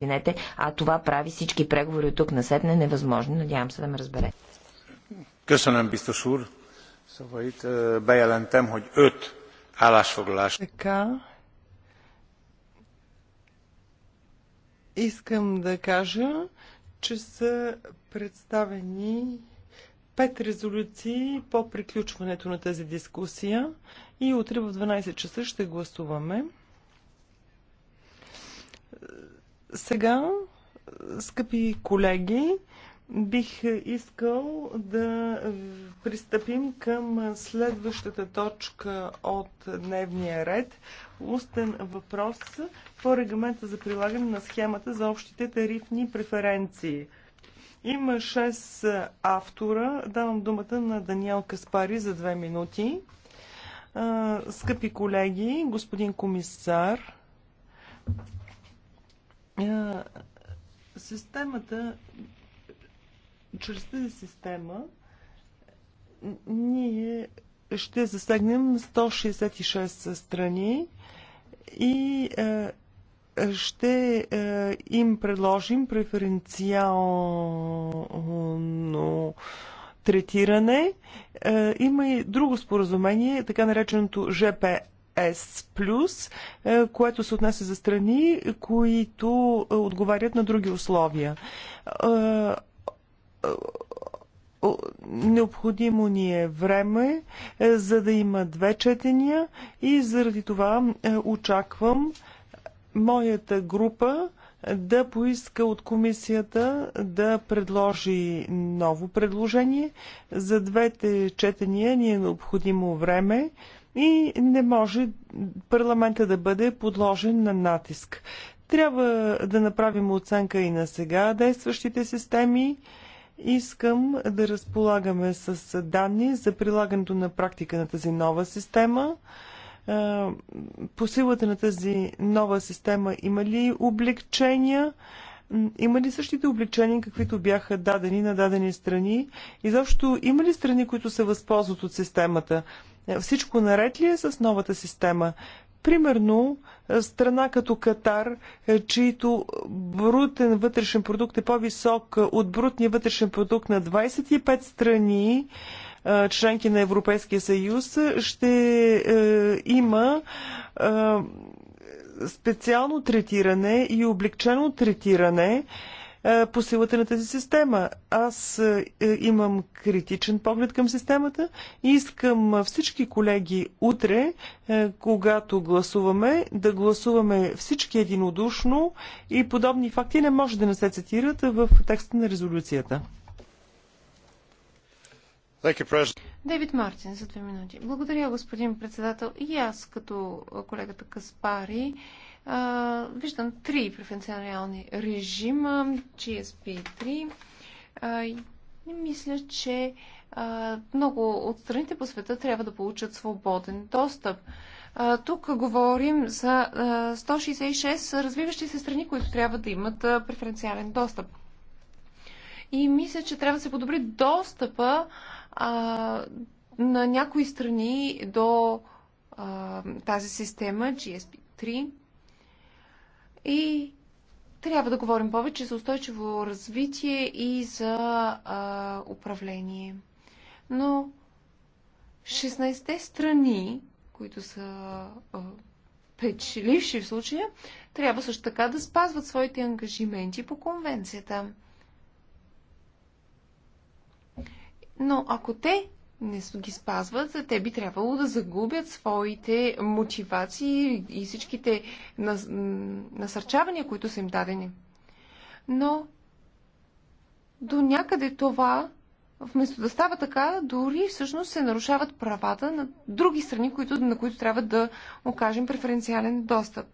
Извинете, а това прави всички преговори от тук на сетне невъзможно. Надявам се да ме разбере. Köszönöm, biztos úr. Szóval itt е, bejelentem, hogy Така. Искам да кажа, че са представени пет резолюции по приключването на тази дискусия и утре в 12 часа ще гласуваме сега, скъпи колеги, бих искал да пристъпим към следващата точка от дневния ред. Устен въпрос по регламента за прилагане на схемата за общите тарифни преференции. Има 6 автора. Давам думата на Даниел Каспари за 2 минути. Скъпи колеги, господин комисар, е, системата, чрез тази система, ние ще засегнем 166 страни и е, ще е, им предложим преференциално третиране. Има и друго споразумение, така нареченото ЖП S+, е, което се отнася за страни, които е, отговарят на други условия. Е, необходимо ни е време, за да има две четения и заради това очаквам моята група да поиска от комисията да предложи ново предложение. За двете четения ни е необходимо време и не може парламента да бъде подложен на натиск. Трябва да направим оценка и на сега действащите системи. Искам да разполагаме с данни за прилагането на практика на тази нова система. Е, по силата на тази нова система има ли облегчения? Има ли същите обличения, каквито бяха дадени на дадени страни? И защо има ли страни, които се възползват от системата? Е, всичко наред ли е с новата система? Примерно, е, страна като Катар, е, чието брутен вътрешен продукт е по-висок от брутния вътрешен продукт на 25 страни, членки на Европейския съюз, ще е, има е, специално третиране и облегчено третиране е, по силата на тази система. Аз е, имам критичен поглед към системата и искам всички колеги утре, е, когато гласуваме, да гласуваме всички единодушно и подобни факти не може да не се цитират в текста на резолюцията. Дейвид Мартин за две минути. Благодаря, господин председател. И аз, като колегата Каспари, виждам три преференциални режима, GSP-3. Мисля, че много от страните по света трябва да получат свободен достъп. Тук говорим за 166 развиващи се страни, които трябва да имат преференциален достъп и мисля, че трябва да се подобри достъпа а, на някои страни до а, тази система GSP-3 и трябва да говорим повече за устойчиво развитие и за а, управление. Но 16-те страни, които са а, печеливши в случая, трябва също така да спазват своите ангажименти по конвенцията. Но ако те не ги спазват, те би трябвало да загубят своите мотивации и всичките насърчавания, които са им дадени. Но до някъде това, вместо да става така, дори всъщност се нарушават правата на други страни, които, на които трябва да окажем преференциален достъп.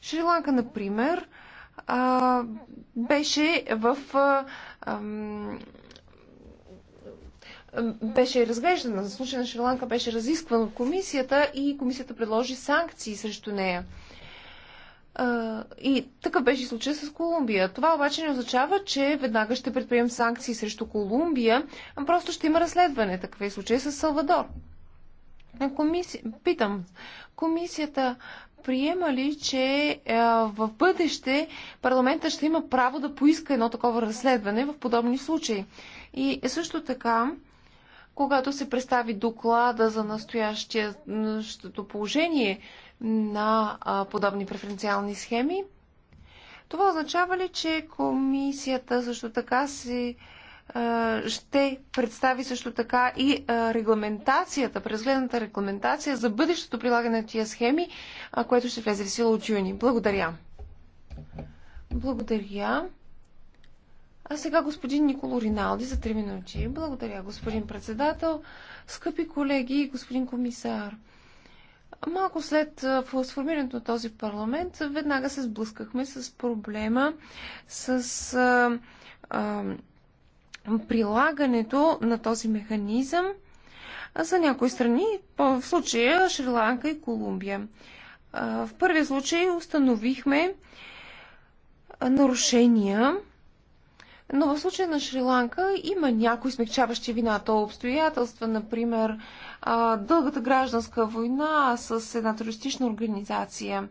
Шри-Ланка, например, беше в беше разглеждана. За случая на Шри-Ланка беше разискван от комисията и комисията предложи санкции срещу нея. И такъв беше случай с Колумбия. Това обаче не означава, че веднага ще предприем санкции срещу Колумбия, а просто ще има разследване. Такъв е случай с Салвадор. Комиси... Питам, комисията приема ли, че в бъдеще парламента ще има право да поиска едно такова разследване в подобни случаи? И също така, когато се представи доклада за настоящето положение на подобни преференциални схеми, това означава ли, че комисията също така си ще представи също така и регламентацията, презгледната регламентация за бъдещото прилагане на тия схеми, което ще влезе в сила от юни. Благодаря. Благодаря. А сега господин Николо Риналди за 3 минути. Благодаря, господин председател. Скъпи колеги, и господин комисар. Малко след сформирането на този парламент, веднага се сблъскахме с проблема с а, а, прилагането на този механизъм за някои страни, в случая Шри-Ланка и Колумбия. А, в първия случай установихме нарушения но в случая на Шри-Ланка има някои смягчаващи вината обстоятелства, например дългата гражданска война с една терористична организация.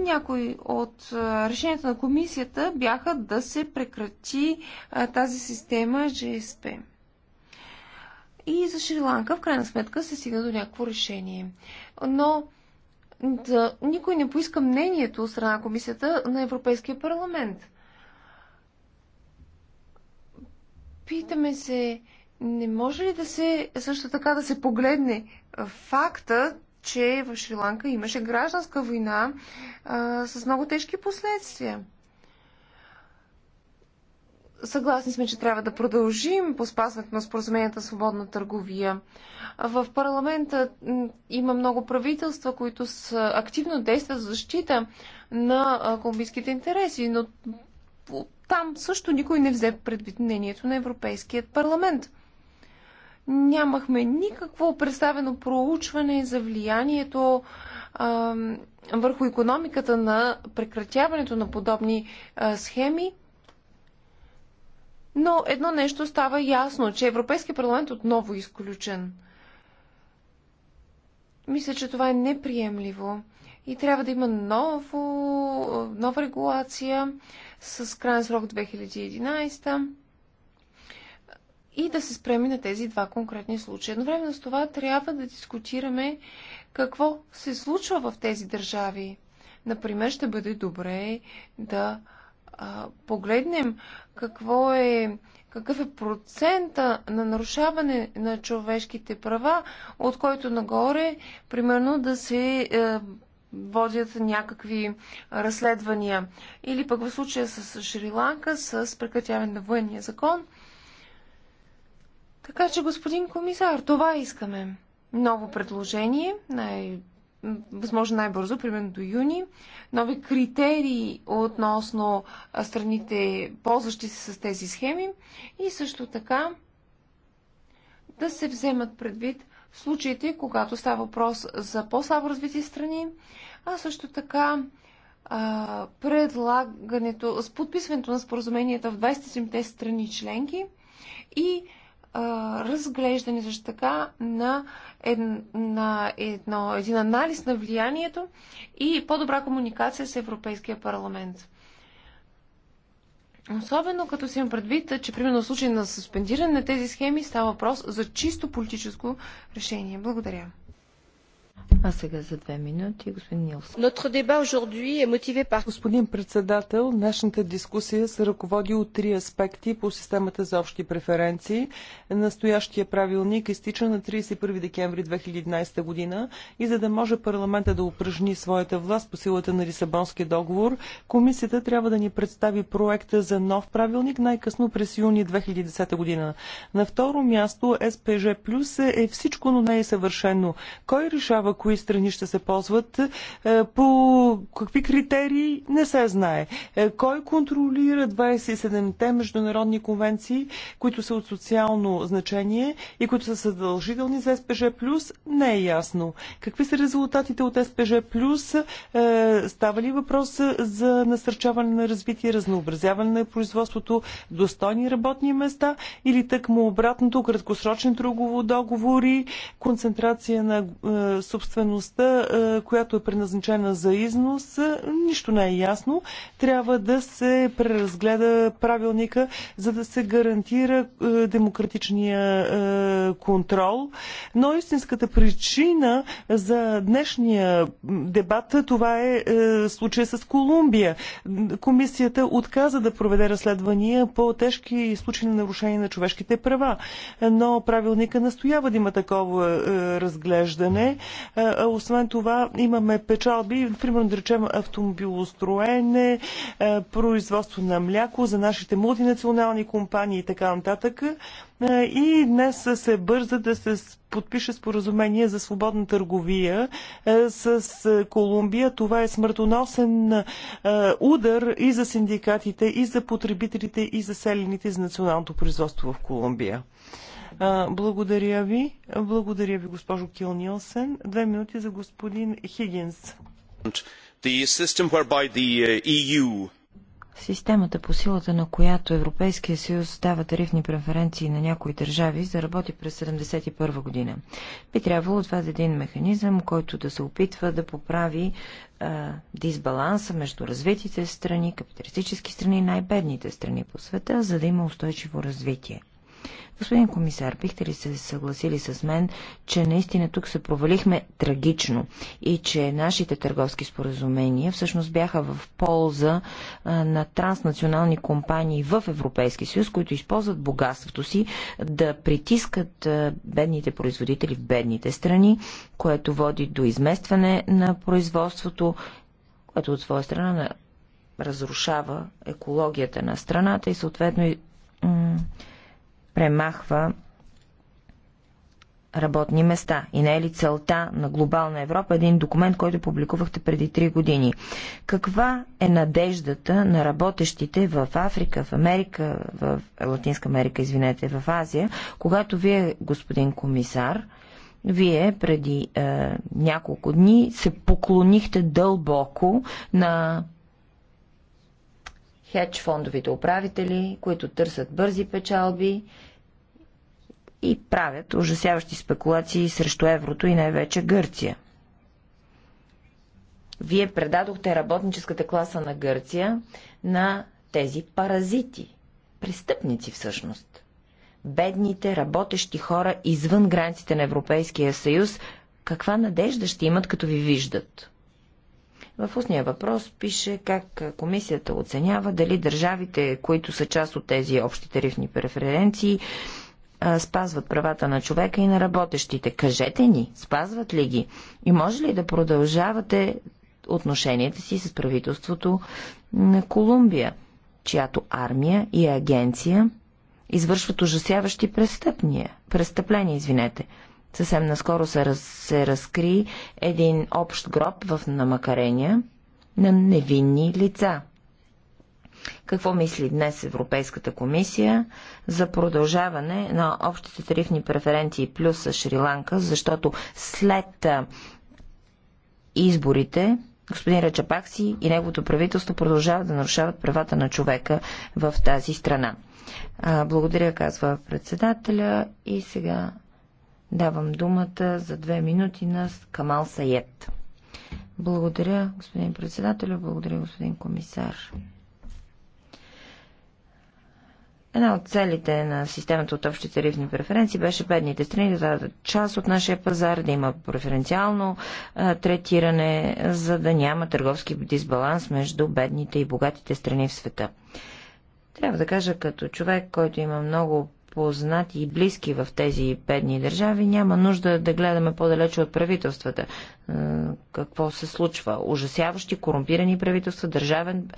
Някои от решенията на комисията бяха да се прекрати тази система GSP. И за Шри-Ланка в крайна сметка се стигна до някакво решение. Но да, никой не поиска мнението от страна на комисията на Европейския парламент. Питаме се, не може ли да се, също така да се погледне факта, че в Шри-Ланка имаше гражданска война а, с много тежки последствия? Съгласни сме, че трябва да продължим по спазването на споразуменията свободна търговия. В парламента има много правителства, които са активно действат за защита на колумбийските интереси, но там също никой не взе предвид мнението на Европейският парламент. Нямахме никакво представено проучване за влиянието а, върху економиката на прекратяването на подобни а, схеми но едно нещо става ясно, че Европейския парламент отново е изключен. Мисля, че това е неприемливо и трябва да има ново, нова регулация с крайен срок 2011 и да се спреми на тези два конкретни случая. Едновременно с това трябва да дискутираме какво се случва в тези държави. Например, ще бъде добре да а, погледнем какво е, какъв е процента на нарушаване на човешките права, от който нагоре, примерно, да се а, е, водят някакви разследвания. Или пък в случая с Шри-Ланка, с прекратяване на военния закон. Така че, господин комисар, това искаме. Ново предложение, най- възможно най-бързо, примерно до юни, нови критерии относно страните, ползващи се с тези схеми и също така да се вземат предвид в случаите, когато става въпрос за по-слабо развити страни, а също така предлагането, с подписването на споразуменията в 27-те страни членки и разглеждане също така на, ед, на едно, един анализ на влиянието и по-добра комуникация с Европейския парламент. Особено като си им предвид, че примерно в случай на суспендиране на тези схеми става въпрос за чисто политическо решение. Благодаря. А сега за две минути господин Нилсон. Господин председател, днешната дискусия се ръководи от три аспекти по системата за общи преференции. Настоящия правилник изтича на 31 декември 2011 година и за да може парламента да упражни своята власт по силата на Лисабонския договор, комисията трябва да ни представи проекта за нов правилник най-късно през юни 2010 година. На второ място СПЖ Плюс е всичко, но не е съвършено. Кой решава кои страни ще се ползват. Е, по какви критерии не се знае. Е, кой контролира 27-те международни конвенции, които са от социално значение и които са задължителни за СПЖ+, не е ясно. Какви са резултатите от СПЖ+, е, става ли въпрос за насърчаване на развитие, разнообразяване на производството, достойни работни места или тъкмо обратното, краткосрочни трудово договори, концентрация на субсидиите, собствеността, която е предназначена за износ, нищо не е ясно. Трябва да се преразгледа правилника, за да се гарантира демократичния контрол. Но истинската причина за днешния дебат това е случая с Колумбия. Комисията отказа да проведе разследвания по тежки случаи на нарушение на човешките права, но правилника настоява да има такова разглеждане. Е, е, освен това имаме печалби, примерно да речем автомобилостроене, е, производство на мляко за нашите мултинационални компании и така нататък. И днес се бърза да се подпише споразумение за свободна търговия с Колумбия. Това е смъртоносен удар и за синдикатите, и за потребителите, и за селените за националното производство в Колумбия. Благодаря ви. Благодаря ви, госпожо Кил Нилсен. Две минути за господин Хигинс. Uh, e Системата по силата на която Европейския съюз дава тарифни преференции на някои държави, заработи през 1971 година. Би трябвало това да е един механизъм, който да се опитва да поправи а, дисбаланса между развитите страни, капиталистически страни и най-бедните страни по света, за да има устойчиво развитие. Господин комисар, бихте ли се съгласили с мен, че наистина тук се провалихме трагично и че нашите търговски споразумения всъщност бяха в полза на транснационални компании в Европейски съюз, които използват богатството си да притискат бедните производители в бедните страни, което води до изместване на производството, което от своя страна разрушава екологията на страната и съответно премахва работни места? И не е ли целта на глобална Европа един документ, който публикувахте преди 3 години? Каква е надеждата на работещите в Африка, в Америка, в Латинска Америка, извинете, в Азия, когато вие, господин комисар, вие преди е, няколко дни се поклонихте дълбоко на хедж фондовите управители, които търсят бързи печалби и правят ужасяващи спекулации срещу еврото и най-вече Гърция. Вие предадохте работническата класа на Гърция на тези паразити, престъпници всъщност. Бедните, работещи хора извън границите на Европейския съюз, каква надежда ще имат, като ви виждат? В устния въпрос пише как комисията оценява дали държавите, които са част от тези общи тарифни преференции, спазват правата на човека и на работещите. Кажете ни, спазват ли ги? И може ли да продължавате отношенията си с правителството на Колумбия, чиято армия и агенция извършват ужасяващи престъпния, престъпления, извинете. Съвсем наскоро се, раз, се разкри един общ гроб в намакарения на невинни лица. Какво мисли днес Европейската комисия за продължаване на общите тарифни преференции плюс с Шри-Ланка, защото след изборите господин Рачапакси и неговото правителство продължават да нарушават правата на човека в тази страна. Благодаря, казва председателя. И сега Давам думата за две минути на Камал Саед. Благодаря, господин председател, благодаря, господин комисар. Една от целите на системата от общи тарифни преференции беше бедните страни да дадат част от нашия пазар, да има преференциално а, третиране, за да няма търговски дисбаланс между бедните и богатите страни в света. Трябва да кажа, като човек, който има много познати и близки в тези бедни държави, няма нужда да гледаме по-далече от правителствата. Е, какво се случва? Ужасяващи, корумпирани правителства, държавен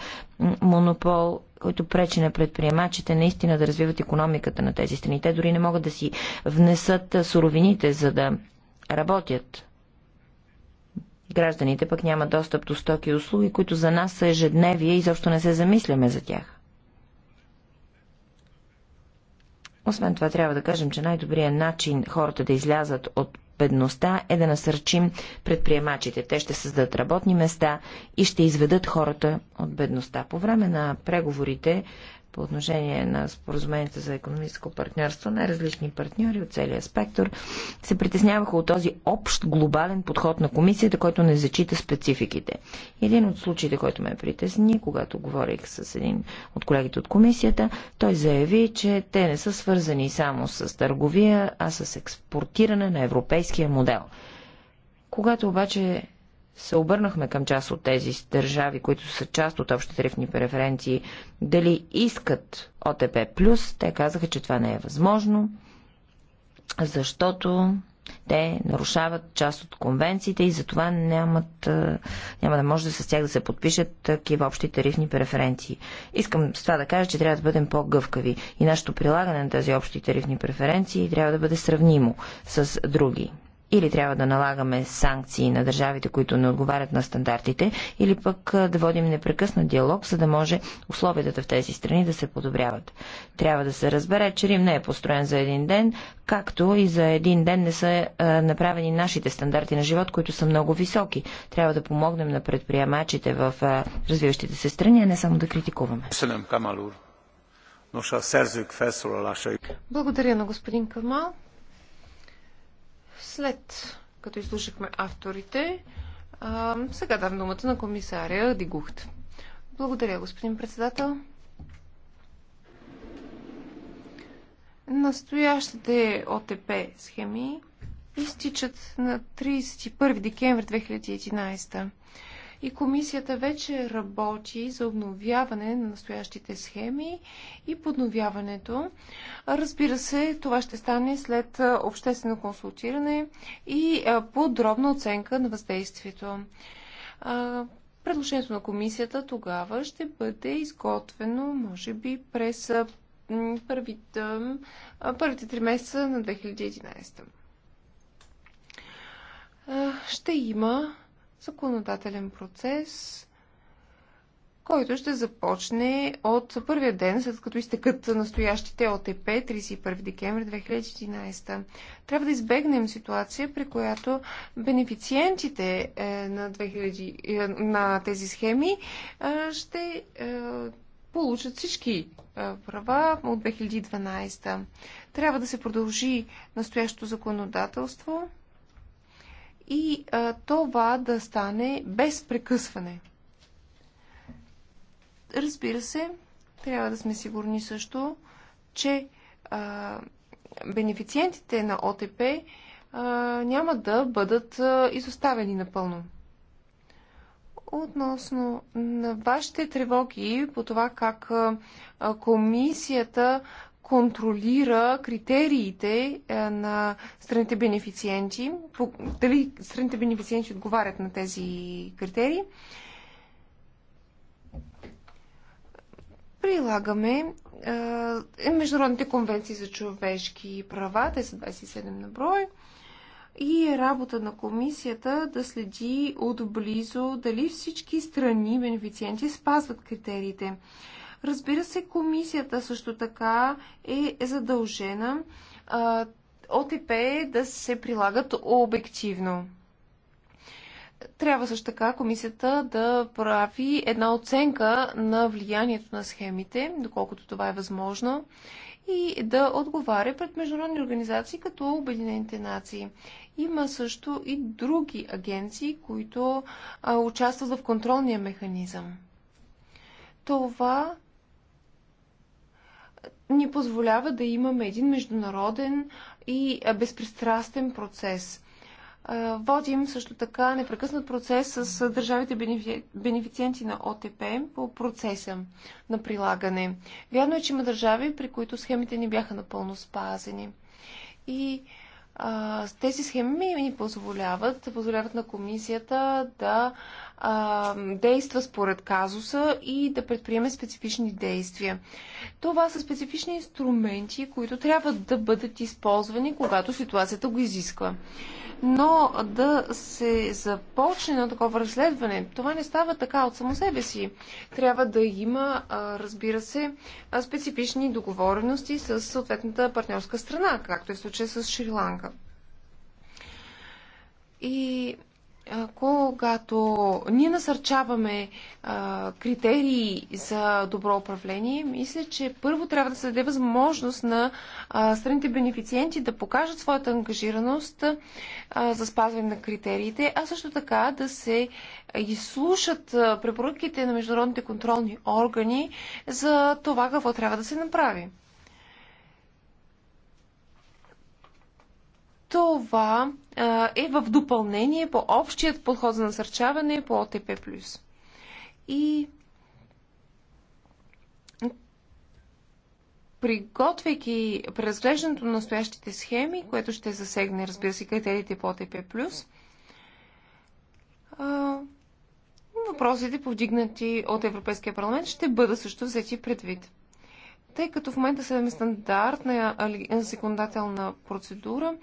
монопол, който пречи на предприемачите наистина да развиват економиката на тези страни. Те дори не могат да си внесат суровините, за да работят. Гражданите пък няма достъп до стоки и услуги, които за нас са ежедневие и изобщо не се замисляме за тях. Освен това, трябва да кажем, че най-добрият начин хората да излязат от бедността е да насърчим предприемачите. Те ще създадат работни места и ще изведат хората от бедността. По време на преговорите по отношение на споразумението за економическо партньорство, най-различни партньори от целия спектър се притесняваха от този общ глобален подход на комисията, който не зачита спецификите. Един от случаите, който ме притесни, когато говорих с един от колегите от комисията, той заяви, че те не са свързани само с търговия, а с експортиране на европейския модел. Когато обаче се обърнахме към част от тези държави, които са част от общите тарифни преференции, дали искат ОТП+, те казаха, че това не е възможно, защото те нарушават част от конвенциите и затова нямат, няма да може да с тях да се подпишат такива общи тарифни преференции. Искам с това да кажа, че трябва да бъдем по-гъвкави и нашето прилагане на тези общи тарифни преференции трябва да бъде сравнимо с други или трябва да налагаме санкции на държавите, които не отговарят на стандартите, или пък да водим непрекъснат диалог, за да може условията в тези страни да се подобряват. Трябва да се разбере, че Рим не е построен за един ден, както и за един ден не са направени нашите стандарти на живот, които са много високи. Трябва да помогнем на предприемачите в развиващите се страни, а не само да критикуваме. Благодаря на господин Камал. След като изслушахме авторите, а, сега дам думата на комисаря Дигухт. Благодаря, господин председател. Настоящите ОТП схеми изтичат на 31 декември 2011 и комисията вече работи за обновяване на настоящите схеми и подновяването. Разбира се, това ще стане след обществено консултиране и подробна оценка на въздействието. Предложението на комисията тогава ще бъде изготвено, може би, през първите, първите три месеца на 2011. Ще има законодателен процес, който ще започне от първия ден, след като изтекат настоящите ОТП 31 декември 2011. Трябва да избегнем ситуация, при която бенефициентите е, на, 2000, е, на тези схеми е, ще получат всички права от 2012. Трябва да се продължи настоящото законодателство и а, това да стане без прекъсване. Разбира се, трябва да сме сигурни също, че а, бенефициентите на ОТП а, няма да бъдат а, изоставени напълно. Относно на вашите тревоги по това как а, комисията контролира критериите е, на страните бенефициенти, дали страните бенефициенти отговарят на тези критерии. Прилагаме е, международните конвенции за човешки права, те са 27 на брой, и е работа на комисията да следи отблизо дали всички страни бенефициенти спазват критериите. Разбира се, комисията също така е задължена ОТП да се прилагат обективно. Трябва също така комисията да прави една оценка на влиянието на схемите, доколкото това е възможно, и да отговаря пред международни организации като Обединените нации. Има също и други агенции, които а, участват в контролния механизъм. Това ни позволява да имаме един международен и безпристрастен процес. Водим също така непрекъснат процес с държавите бенефициенти на ОТП по процеса на прилагане. Вярно е, че има държави, при които схемите не бяха напълно спазени. И а, тези схеми ни позволяват, позволяват на комисията да а, действа според казуса и да предприеме специфични действия. Това са специфични инструменти, които трябва да бъдат използвани, когато ситуацията го изисква. Но да се започне на такова разследване, това не става така от само себе си. Трябва да има, разбира се, специфични договорености с съответната партньорска страна, както е в случая с Шри-Ланка. И когато ние насърчаваме а, критерии за добро управление, мисля, че първо трябва да се даде възможност на а, страните бенефициенти да покажат своята ангажираност а, за спазване на критериите, а също така да се изслушат препоръките на международните контролни органи за това какво трябва да се направи. Това е в допълнение по общият подход за насърчаване по ОТП. И приготвяйки преразглеждането на настоящите схеми, което ще засегне, разбира се, критериите по ОТП+, въпросите, повдигнати от Европейския парламент, ще бъдат също взети предвид. Тъй като в момента се имаме стандартна законодателна процедура,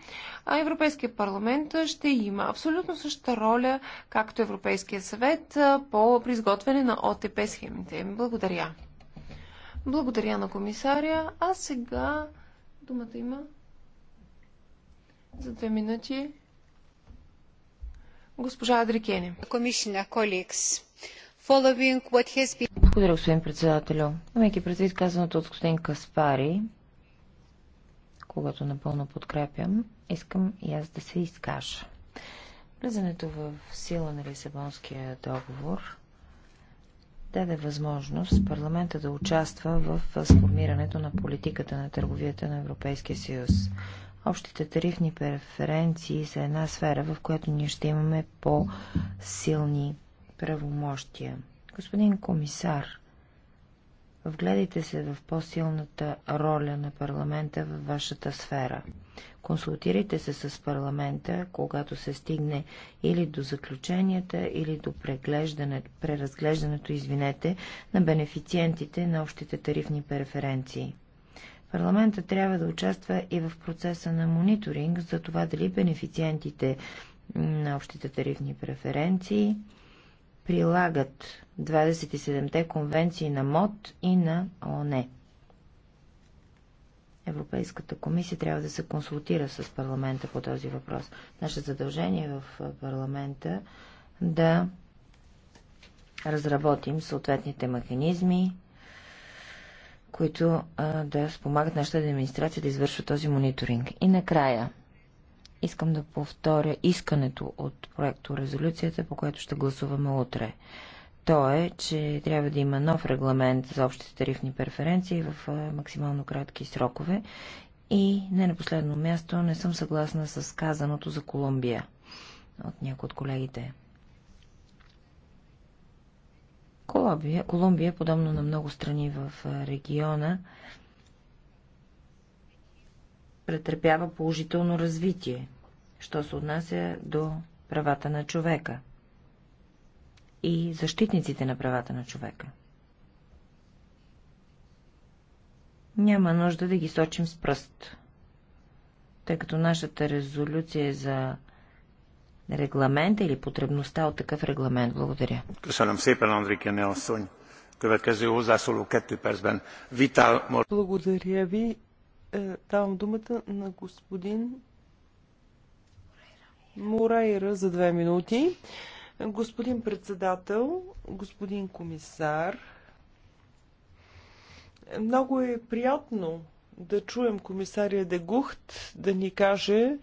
а Европейския парламент ще има абсолютно същата роля, както Европейския съвет по изготвяне на ОТП схемите. Благодаря. Благодаря на комисаря. А сега думата има за две минути госпожа Адрикени. Комисия, колекс. Благодаря, господин председателю. Имайки предвид казаното от господин Каспари, когато напълно подкрепям, искам и аз да се изкажа. Влизането в сила на Лисабонския договор даде възможност парламента да участва в сформирането на политиката на търговията на Европейския съюз. Общите тарифни преференции са една сфера, в която ние ще имаме по-силни правомощия. Господин комисар, вгледайте се в по-силната роля на парламента във вашата сфера. Консултирайте се с парламента, когато се стигне или до заключенията, или до преразглеждането, извинете, на бенефициентите на общите тарифни преференции. Парламента трябва да участва и в процеса на мониторинг за това дали бенефициентите на общите тарифни преференции прилагат 27-те конвенции на МОД и на ОНЕ. Европейската комисия трябва да се консултира с парламента по този въпрос. Наше задължение е в парламента да разработим съответните механизми, които да спомагат нашата администрация да извършва този мониторинг. И накрая – Искам да повторя искането от проекто резолюцията, по което ще гласуваме утре. То е, че трябва да има нов регламент за общите тарифни преференции в максимално кратки срокове. И не на последно място не съм съгласна с казаното за Колумбия от някои от колегите. Колумбия, Колумбия, подобно на много страни в региона, претърпява положително развитие, що се отнася до правата на човека и защитниците на правата на човека. Няма нужда да ги сочим с пръст, тъй като нашата резолюция е за регламента или потребността от такъв регламент. Благодаря. Благодаря ви. Е, давам думата на господин Морайра за две минути. Господин председател, господин комисар, много е приятно да чуем комисария Дегухт да ни каже,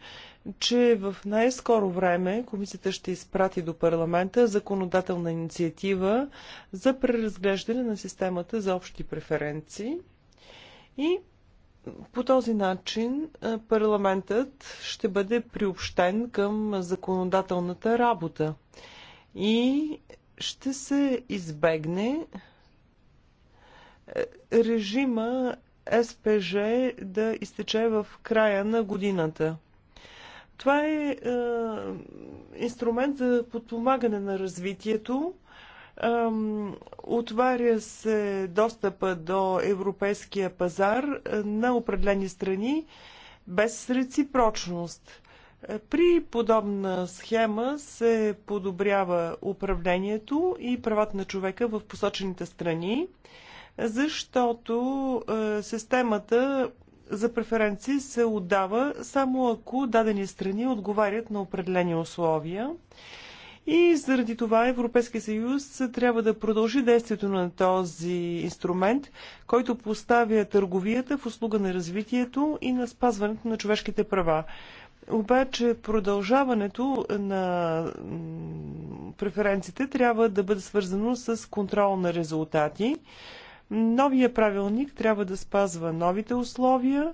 че в най-скоро време комисията ще изпрати до парламента законодателна инициатива за преразглеждане на системата за общи преференции. И по този начин парламентът ще бъде приобщен към законодателната работа и ще се избегне е, режима СПЖ да изтече в края на годината. Това е, е инструмент за подпомагане на развитието Отваря се достъпа до европейския пазар е, на определени страни без реципрочност. Е, при подобна схема се подобрява управлението и правата на човека в посочените страни, защото е, системата за преференции се отдава само ако дадени страни отговарят на определени условия. И заради това Европейския съюз трябва да продължи действието на този инструмент, който поставя търговията в услуга на развитието и на спазването на човешките права. Обаче продължаването на преференците трябва да бъде свързано с контрол на резултати. Новия правилник трябва да спазва новите условия,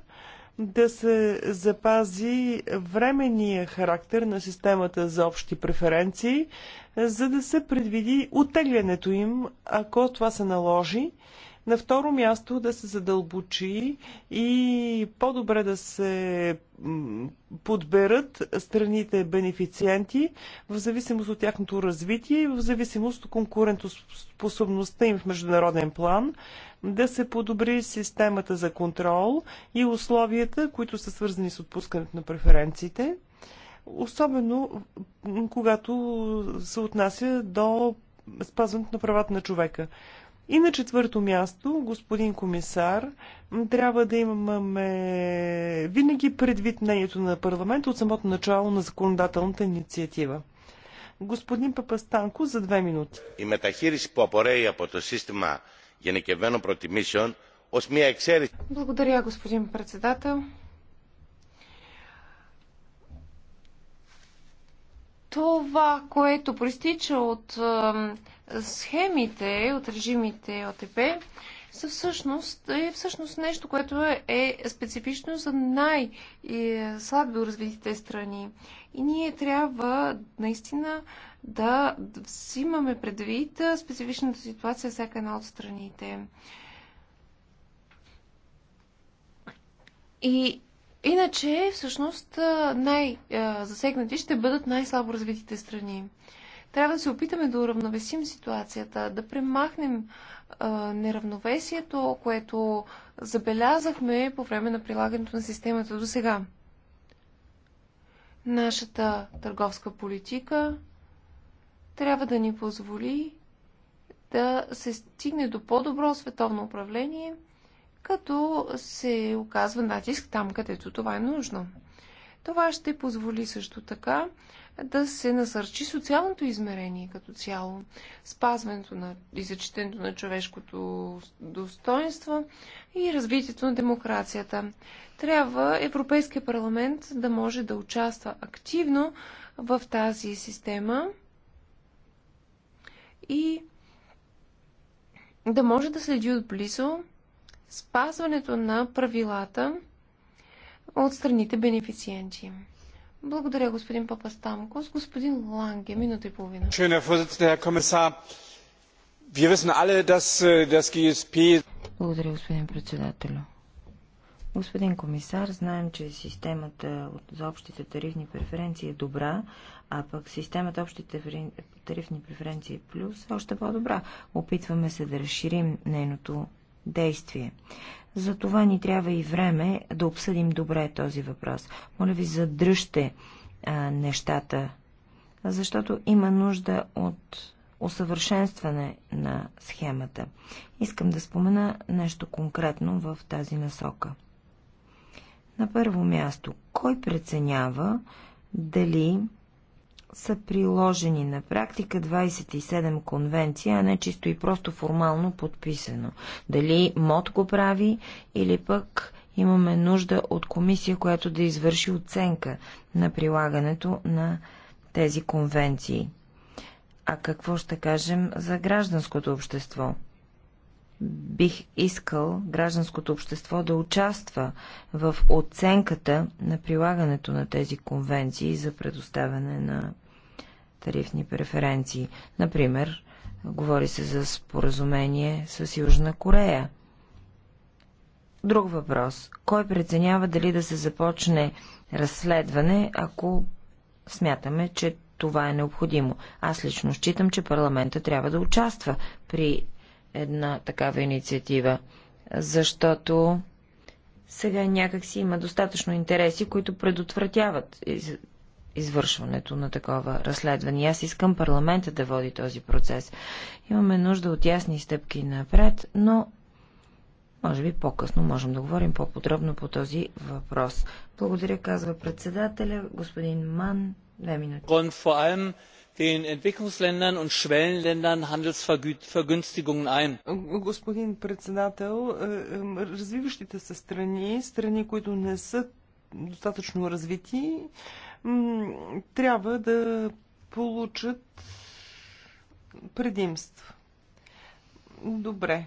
да се запази временния характер на системата за общи преференции, за да се предвиди оттеглянето им, ако това се наложи. На второ място да се задълбочи и по-добре да се подберат страните бенефициенти в зависимост от тяхното развитие и в зависимост от конкурентоспособността им в международен план, да се подобри системата за контрол и условията, които са свързани с отпускането на преференциите, особено когато се отнася до спазването на правата на човека. И на четвърто място, господин комисар, трябва да имаме винаги предвид мнението на парламента от самото начало на законодателната инициатива. Господин Папастанко за две минути. Η μεταχείριση που απορρέει από το σύστημα γενικευμένων προτιμήσεων ως μια εξαίρεση. Благодаря, господин председател. Това, което проистича от схемите, от режимите ОТП, са всъщност, е всъщност нещо, което е специфично за най-слабо развитите страни. И ние трябва наистина да взимаме предвид специфичната ситуация всяка една от страните. И иначе, всъщност, най-засегнати ще бъдат най-слабо развитите страни. Трябва да се опитаме да уравновесим ситуацията, да премахнем неравновесието, което забелязахме по време на прилагането на системата до сега. Нашата търговска политика трябва да ни позволи да се стигне до по-добро световно управление, като се оказва натиск там, където това е нужно. Това ще позволи също така да се насърчи социалното измерение като цяло, спазването на и зачитането на човешкото достоинство и развитието на демокрацията. Трябва Европейския парламент да може да участва активно в тази система и да може да следи отблизо спазването на правилата, от страните бенефициенти. Благодаря, господин Папастамкос. Господин Ланге, минута и половина. Äh, Благодаря, господин председател. Господин комисар, знаем, че системата за общите тарифни преференции е добра, а пък системата общите тарифни преференции плюс е още по-добра. Опитваме се да разширим нейното действие. За това ни трябва и време да обсъдим добре този въпрос. Моля ви, задръжте а, нещата, защото има нужда от усъвършенстване на схемата. Искам да спомена нещо конкретно в тази насока. На първо място, кой преценява дали са приложени на практика 27 конвенции, а не чисто и просто формално подписано. Дали МОД го прави или пък имаме нужда от комисия, която да извърши оценка на прилагането на тези конвенции. А какво ще кажем за гражданското общество? бих искал гражданското общество да участва в оценката на прилагането на тези конвенции за предоставяне на тарифни преференции. Например, говори се за споразумение с Южна Корея. Друг въпрос. Кой преценява дали да се започне разследване, ако смятаме, че това е необходимо? Аз лично считам, че парламента трябва да участва при една такава инициатива, защото сега някакси има достатъчно интереси, които предотвратяват извършването на такова разследване. И аз искам парламента да води този процес. Имаме нужда от ясни стъпки напред, но може би по-късно можем да говорим по-подробно по този въпрос. Благодаря, казва председателя. Господин Ман, две минути. den Entwicklungsländern und Schwellenländern Handelsvergünstigungen ein. Господин председател, е, е, развиващите се страни, страни, които не са достатъчно развити, трябва да получат предимство. Добре.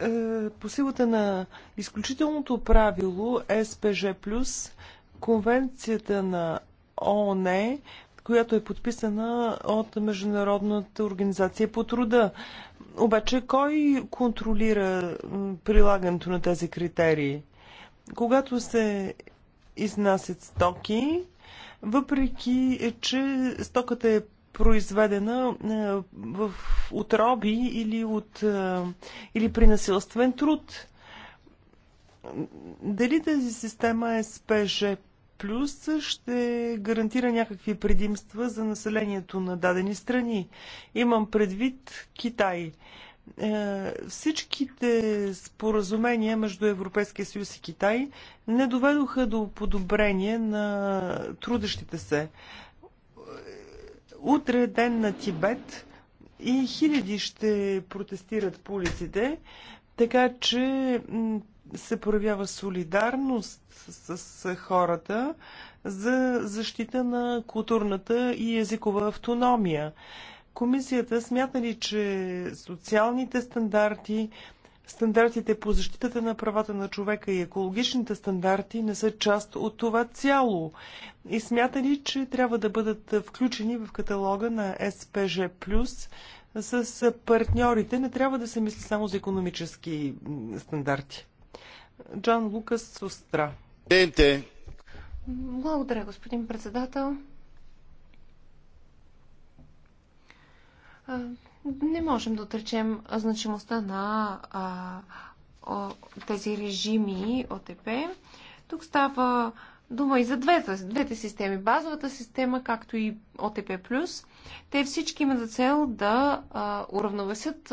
Е, по силата на изключителното правило СПЖ+, конвенцията на ООН, която е подписана от Международната организация по труда. Обаче кой контролира прилагането на тези критерии? Когато се изнасят стоки, въпреки че стоката е произведена е, в отроби или, от, е, или при насилствен труд. Дали тази система СПЖ плюс ще гарантира някакви предимства за населението на дадени страни. Имам предвид Китай. Е, всичките споразумения между Европейския съюз и Китай не доведоха до подобрение на трудещите се. Е, утре ден на Тибет и хиляди ще протестират по улиците, така че се проявява солидарност с хората за защита на културната и езикова автономия. Комисията смята ли, че социалните стандарти, стандартите по защитата на правата на човека и екологичните стандарти не са част от това цяло? И смята ли, че трябва да бъдат включени в каталога на СПЖ+, с партньорите? Не трябва да се мисли само за економически стандарти. Джан Лукас Сустра. Благодаря, господин председател. не можем да отречем значимостта на а, о, тези режими ОТП. Тук става дума и за двете, двете системи. Базовата система, както и ОТП+, те всички имат за цел да а, уравновесят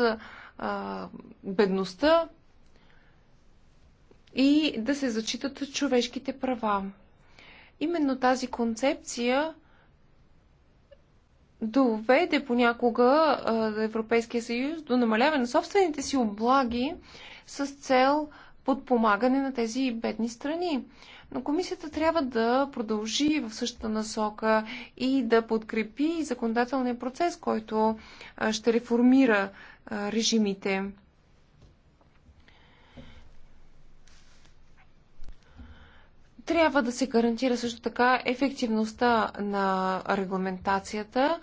а, бедността и да се зачитат човешките права. Именно тази концепция доведе понякога Европейския съюз до намаляване на собствените си облаги с цел подпомагане на тези бедни страни. Но комисията трябва да продължи в същата насока и да подкрепи законодателния процес, който ще реформира режимите. Трябва да се гарантира също така ефективността на регламентацията.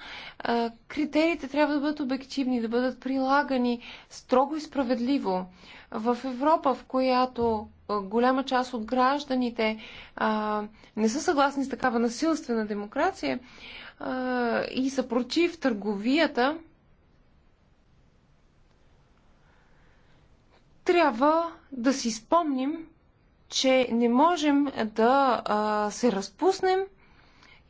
Критериите трябва да бъдат обективни, да бъдат прилагани строго и справедливо. В Европа, в която голяма част от гражданите не са съгласни с такава насилствена демокрация и са против търговията, трябва да си спомним, че не можем да се разпуснем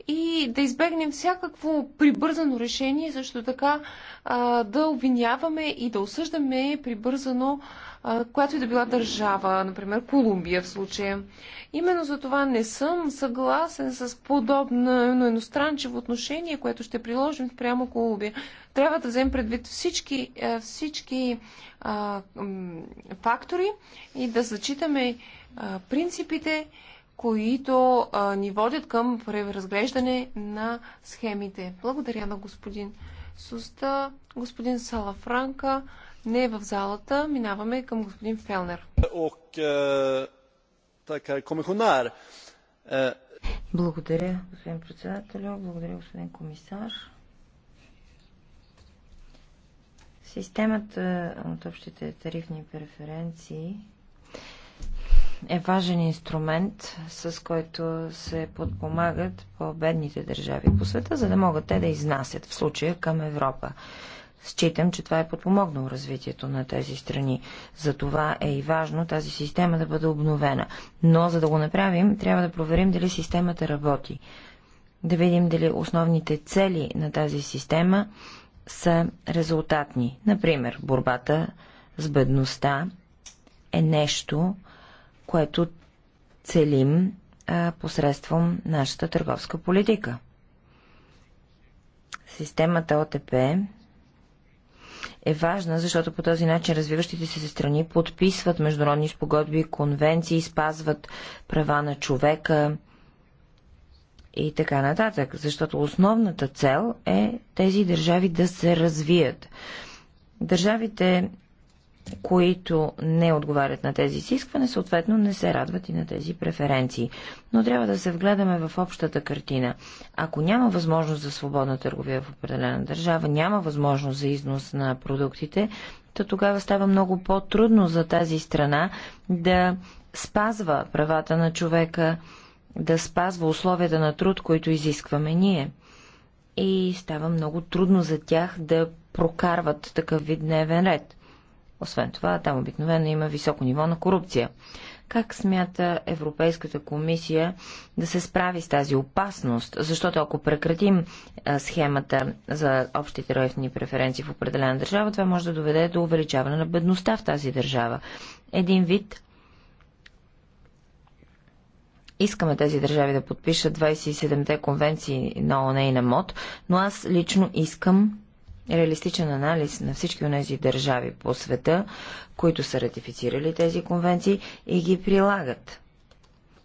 и да избегнем всякакво прибързано решение, също така а, да обвиняваме и да осъждаме прибързано а, която и да била държава, например Колумбия в случая. Именно за това не съм съгласен с подобно но едностранчево отношение, което ще приложим прямо Колумбия. Трябва да вземем предвид всички, всички а, фактори и да зачитаме принципите които а, ни водят към преразглеждане на схемите. Благодаря на господин Суста. Господин Салафранка не е в залата. Минаваме към господин Фелнер. Е, е, Благодаря, господин председател, Благодаря, господин комисар. Системата от общите тарифни преференции е важен инструмент, с който се подпомагат по-бедните държави по света, за да могат те да изнасят в случая към Европа. Считам, че това е подпомогнало развитието на тези страни. За това е и важно тази система да бъде обновена. Но за да го направим, трябва да проверим дали системата работи. Да видим дали основните цели на тази система са резултатни. Например, борбата с бедността е нещо, което целим а, посредством нашата търговска политика. Системата ОТП е важна, защото по този начин развиващите се страни подписват международни спогодби, конвенции, спазват права на човека и така нататък. Защото основната цел е тези държави да се развият. Държавите които не отговарят на тези изисквания, съответно не се радват и на тези преференции. Но трябва да се вгледаме в общата картина. Ако няма възможност за свободна търговия в определена държава, няма възможност за износ на продуктите, то тогава става много по-трудно за тази страна да спазва правата на човека, да спазва условията на труд, които изискваме ние. И става много трудно за тях да прокарват такъв вид дневен ред. Освен това, там обикновено има високо ниво на корупция. Как смята Европейската комисия да се справи с тази опасност? Защото ако прекратим схемата за общите тарифни преференции в определена държава, това може да доведе до увеличаване на бедността в тази държава. Един вид искаме тези държави да подпишат 27-те конвенции на ОНЕ и на МОД, но аз лично искам реалистичен анализ на всички от тези държави по света, които са ратифицирали тези конвенции и ги прилагат.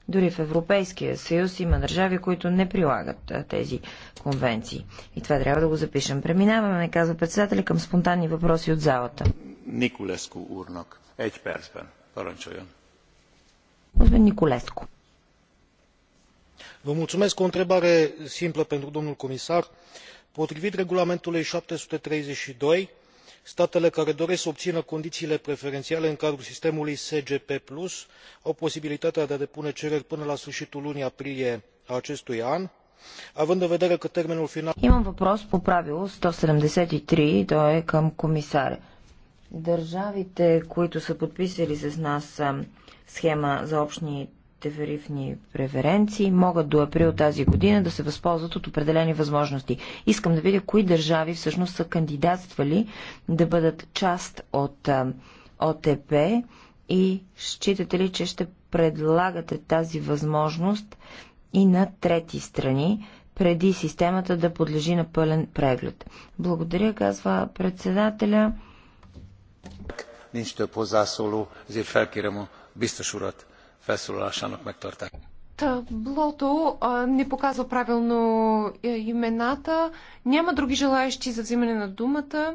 Дори в Европейския съюз има държави, които не прилагат тези конвенции. И това трябва да го запишем. Преминаваме, казва председателя, към спонтанни въпроси от залата. Николеско Урнок. Ейч percben. Parancsoljon. Господин Николеско. Vă mulțumesc o întrebare simplă pentru domnul comisar. Uh, potrivit regulamentului șapte sute treizeci și doi statele care doresc să obină condiiile prefereniale în cadrul sistemului sgp au posibilitatea de a depune cereri până la sfâritul lunii aprilie a acestui an având în vedere că termenul final. Имам въпрос по правило 173, той е към Държавите, които са подписали с нас схема за тарифни преференции могат до април тази година да се възползват от определени възможности. Искам да видя кои държави всъщност са кандидатствали да бъдат част от ОТП и считате ли, че ще предлагате тази възможност и на трети страни, преди системата да подлежи на пълен преглед. Благодаря, казва председателя. Nincs több hozzászóló, felszólalásának megtartása. Таблото не показва правилно е, имената. Няма други желаящи за взимане на думата.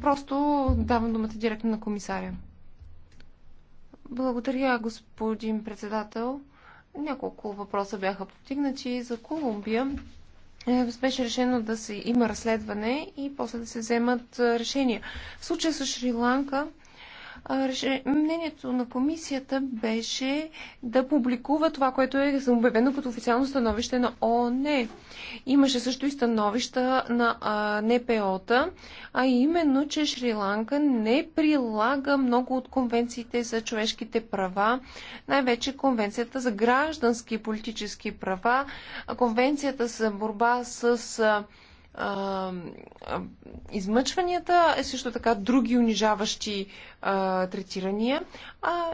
просто давам думата директно на комисаря. Благодаря, господин председател. Няколко въпроса бяха повдигнати за Колумбия. Е, беше решено да се има разследване и после да се вземат решения. В случая с Шри-Ланка мнението на комисията беше да публикува това, което е обявено като официално становище на ООН. Имаше също и становища на НПО-та, а именно, че Шри-Ланка не прилага много от конвенциите за човешките права, най-вече конвенцията за граждански и политически права, конвенцията за борба с а, измъчванията, е също така други унижаващи а, третирания а,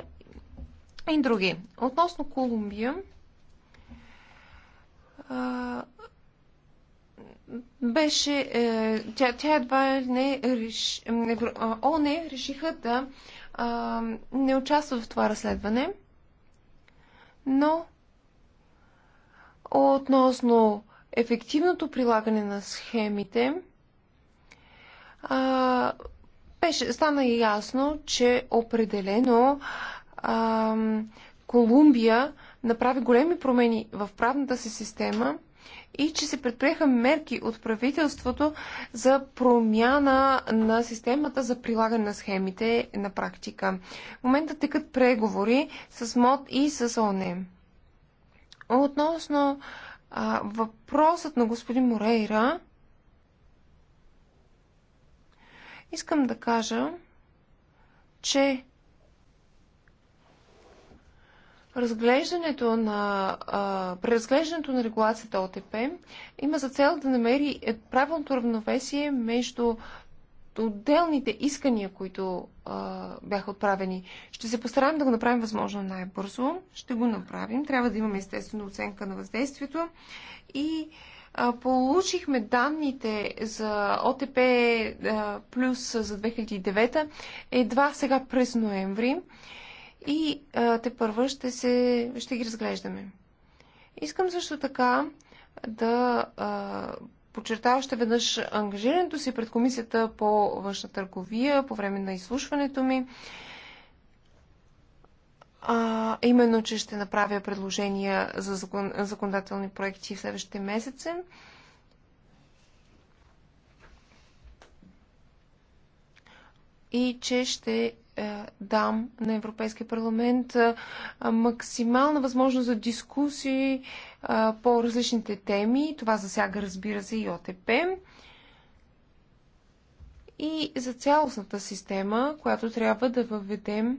и други. Относно Колумбия, а, беше. А, е, тя, тя едва не реши. О, не, решиха да а, не участват в това разследване. Но относно ефективното прилагане на схемите а, беше, стана ясно, че определено а, Колумбия направи големи промени в правната си система и че се предприеха мерки от правителството за промяна на системата за прилагане на схемите на практика. В момента текат преговори с МОД и с ОНЕ. Относно а, въпросът на господин Морейра искам да кажа, че разглеждането на, а, преразглеждането на регулацията ОТП има за цел да намери правилното равновесие между отделните искания, които а, бяха отправени. Ще се постараем да го направим възможно най-бързо. Ще го направим. Трябва да имаме естествено оценка на въздействието. И а, получихме данните за ОТП а, плюс за 2009 едва сега през ноември. И а, те първа ще, се, ще ги разглеждаме. Искам също така да а, подчерта още веднъж ангажирането си пред Комисията по външна търговия по време на изслушването ми. А, именно, че ще направя предложения за закон, законодателни проекти в следващите месеци. И че ще е, дам на Европейския парламент е, максимална възможност за дискусии е, по различните теми. Това засяга, разбира се, и ОТП. И за цялостната система, която трябва да въведем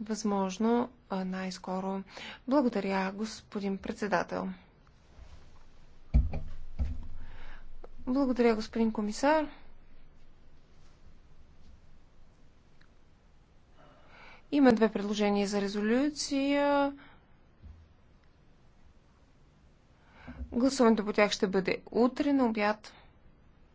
възможно най-скоро. Благодаря, господин председател. Благодаря, господин комисар. Има две предложения за резолюция. Гласуването по тях ще бъде утре на обяд.